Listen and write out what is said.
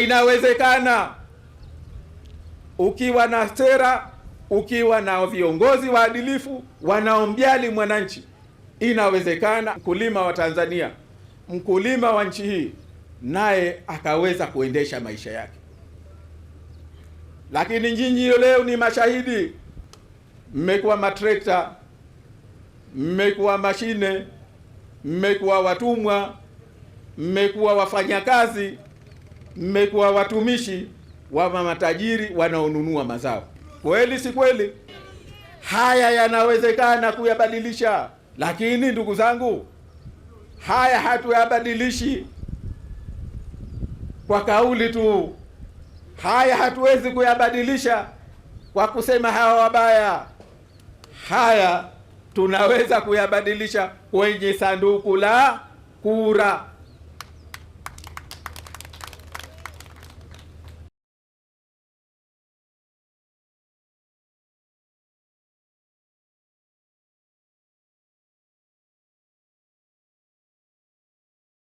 Inawezekana ukiwa na sera, ukiwa na viongozi waadilifu wanaomjali mwananchi, inawezekana mkulima wa Tanzania, mkulima wa nchi hii, naye akaweza kuendesha maisha yake. Lakini nyinyi leo ni mashahidi, mmekuwa matrekta, mmekuwa mashine, mmekuwa watumwa, mmekuwa wafanyakazi mmekuwa watumishi wa matajiri wanaonunua mazao. Kweli si kweli? Haya yanawezekana kuyabadilisha, lakini ndugu zangu, haya hatuyabadilishi kwa kauli tu. Haya hatuwezi kuyabadilisha kwa kusema hawa wabaya. Haya tunaweza kuyabadilisha kwenye sanduku la kura.